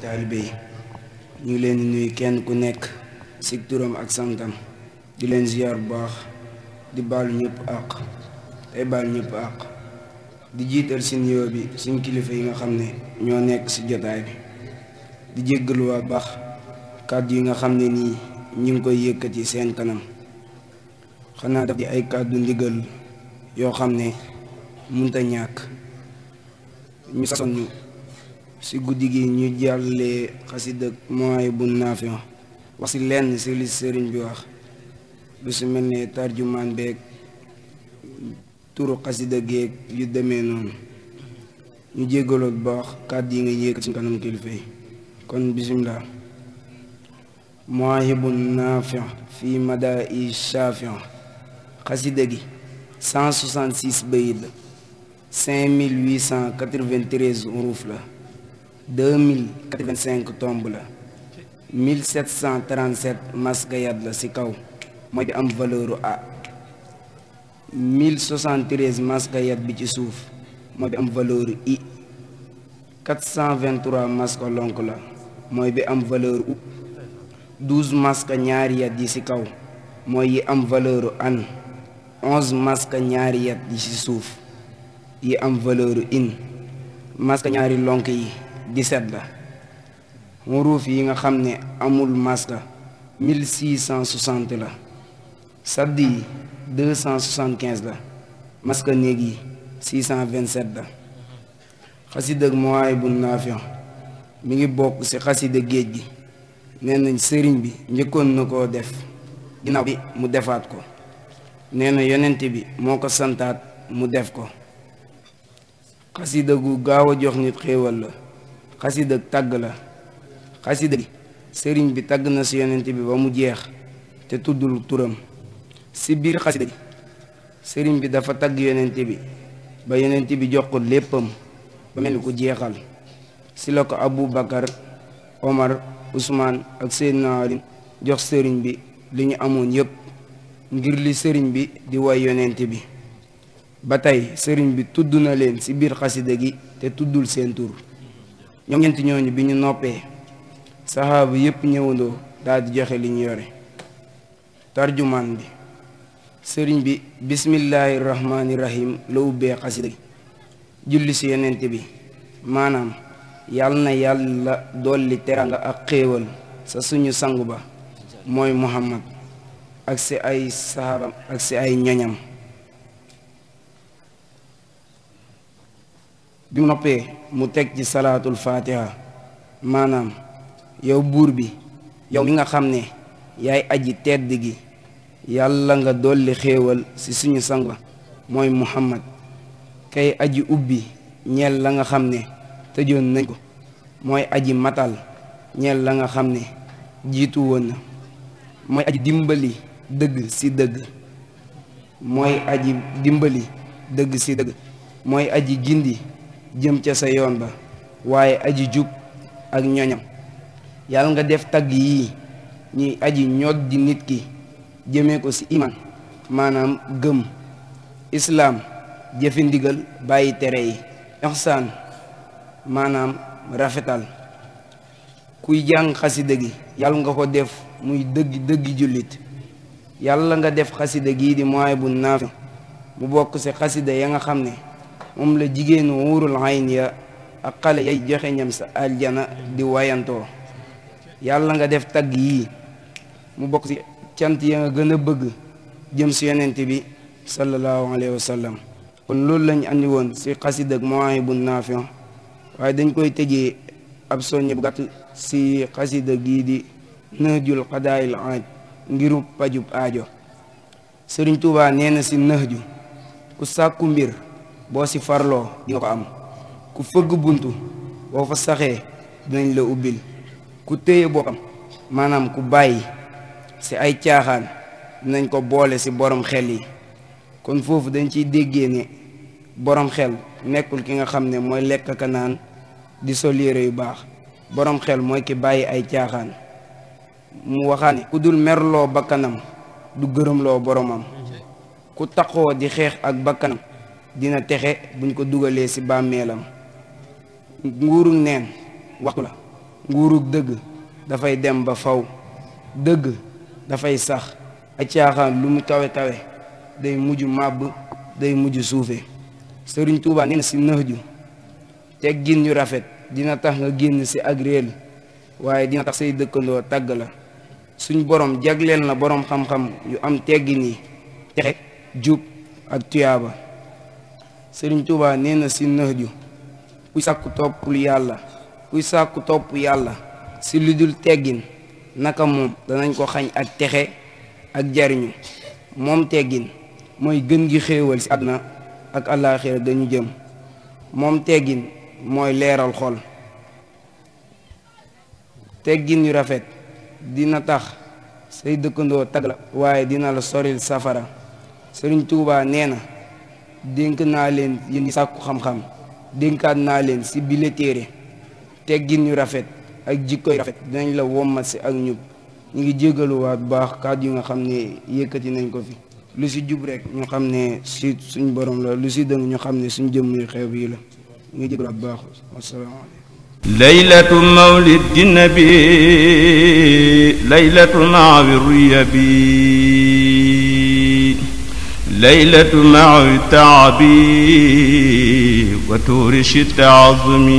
taalibe yi ñu leen di nuyu kenn ku nekk si turam ak santam di leen ziar bu baax di baalu ñëpp àq tey baal ñëpp àq di jiital si nuyoo bi suñ kilifa yi nga xam ne ñoo nekk ci jotaay bi di jéggalu waa baax kàddu yi nga xam ne nii ñu ngi koy yëkkati seen kanam xanaa daf di ay kàddu ndigal yoo xam ne mënta ñàkk ñu sason ñu si guddi gi ñu jàllee xasida ak mooy bu naafion wax si lenn si li sëriñ bi wax lu si mel ne tarjumaan beeg turu xasida géeg yu demee noonu ñu jéggalool baax kàddu yi nga yéegal ci kanam kilifa yi kon bisimilah mooy bu naafion fii madaa i shafion xasida gi 166 bayit la 5893 huruf la deux mille quatre tomb la mil sept cent trente-sept maskayat la ci kaw mooy bi am valeur A mille soixante-treize maskayat bi ci suuf mooy bi am valeur I quatre cent maska lonk la mooy bi am valeur U douze maska ñaari yat yi ci kaw mooy yi am valeur an onze maska ñaari yat yi ci suuf yi am valeur in maska ñaari lonk yi 17 la xuruuf yi nga xam ne amul maska 1660 la sadd yi quinze la maska néeg yi cent vingt 627 la xasida mooy bu naafion mu ngi bokk ci xasida géej gi nee na sëriñ bi njëkkoon na koo def ginnaaw bi mu defaat ko nee na yonent bi moo ko santaat mu def ko xasida gu gaaw a jox nit xéewal la xasida tàgg la xasida gi sëriñ bi tagg na si yonent bi ba mu jeex te tuddul turam si biir xasida gi sëriñ bi dafa tagg yonent bi ba yonent bi jox ko léppam ba mel ni ku jeexal si la ko Abu Bakar Omar Ousmane ak Seydina Ali jox sëriñ bi li ñu amoon yépp ngir li sëriñ bi di way yonent bi ba tey sëriñ bi tudd na leen si biir xasida gi te tuddul seen tur ñoom ñeenti ñooñu bi ñu noppee saxaaba yépp ñëwandoo daal di joxe li ñu yore tarjumaan bi sëriñ bi bismillaahi rahmaani rahim la ubbee xasida gi julli si yonent bi maanaam yàll na yàlla dolli teranga ak xéewal sa suñu sangu ba mooy muhammad ak si ay saxaabam ak si ay ñoñam bi noppee mu teg ci salaatul fatiha maanaam yow buur bi yow mi nga xam ne yaay aji tedd gi yàlla nga dolli xéewal ci suñu sang ba mooy muhammad kay aji ubbi ñeel la nga xam ne tëjoon nañ ko mooy aji matal ñeel la nga xam ne jiitu woon na mooy aji dimbali dëgg ci dëgg mooy aji dimbali dëgg ci dëgg mooy aji gindi jëm ca sa yoon ba waaye aji jub ak ñoñam yàlla nga def tagg yi ñuy aji ñod di nit ki jëmee ko ci iman maanaam gëm islaam jëfi ndigal bàyyi tere yi ixsaan maanaam rafetal kuy jàng xasida gi yàlla nga ko def muy dëgg dëggi jullit yàlla nga def xasida gi di mooy bu naafi mu bokk ci xasida ya nga xam ne moom la jigéenu wuurul ayn ya ak xale yay joxe ñam sa aljana di wayantoo yàlla nga def tag yii mu bokk ci cant ya nga gën a bëgg jëm si yonent bi sallallahu alayhi wa sallam kon loolu lañ andi woon si xasida ak bu Nafi' waaye dañ koy tëjee ab soññe bu gàtt si xasida gii di nëhjul xadaayil aaj ngirub pajub aajo sëriñ Tuubaa nee na si nëhju ku sàkku mbir boo si farloo di nga ko am ku fëgg buntu boo fa saxee dinañ la ubbil ku téye boppam maanaam ku bàyyi si ay caaxaan dinañ ko boole si borom xel yi kon foofu dañ ciy déggee ne borom xel nekkul ki nga xam ne mooy lekk ka naan di sol yére yu baax borom xel mooy ki bàyyi ay caaxaan mu waxaane ku dul merloo bakkanam du gërëmloo boromam ku taqoo di xeex ak bakkanam dina texe buñ ko dugalee ci bàmmeelam nguurug neen waxtu la nguurug dëgg dafay dem ba faw dëgg dafay sax a caaxaan lu mu kawe kawe day mujj màbb day mujj suufe sëriñ Tuubaa nee na ci nëx ju teggin ñu rafet dina tax nga génn ci ak réel waaye dina tax say dëkkandoo tàgg la suñ borom jagleel na borom xam-xam yu am teggin yi texe jub ak tuyaaba sëriñ tuuba nee na si nëx ju kuy sàkku toppul yàlla kuy sàkku topp yàlla si lu dul teggin naka moom danañ ko xañ ak texe ak jariñu moom teggin mooy gën gi xéewal si àdduna ak àllaaxira dañu jëm moom teggin mooy leeral xol teggin yu rafet dina tax say dëkkandoo tagg la waaye dina la soril safara sëriñ Tuubaa nee na dénk naa leen yéen ñi sàkku dénkaat naa leen si bile téere teggin yu rafet ak jikkoy rafet dañ la wommat si ak ñub ñu ngi jégaluwaat bu baax kàddu yi nga xam ne yëkkati nañ ko fi lu si jub rek ñu xam ne si suñ borom la lu si dëng ñu xam ne suñ jëmm yu xew yi la ñu ngi jégaluwaat bu baax wasalaamaaleykum laylatu mawlidi nabi laylatu mawriya bi laylatu ma'i taabi wa tuuri shi taazumi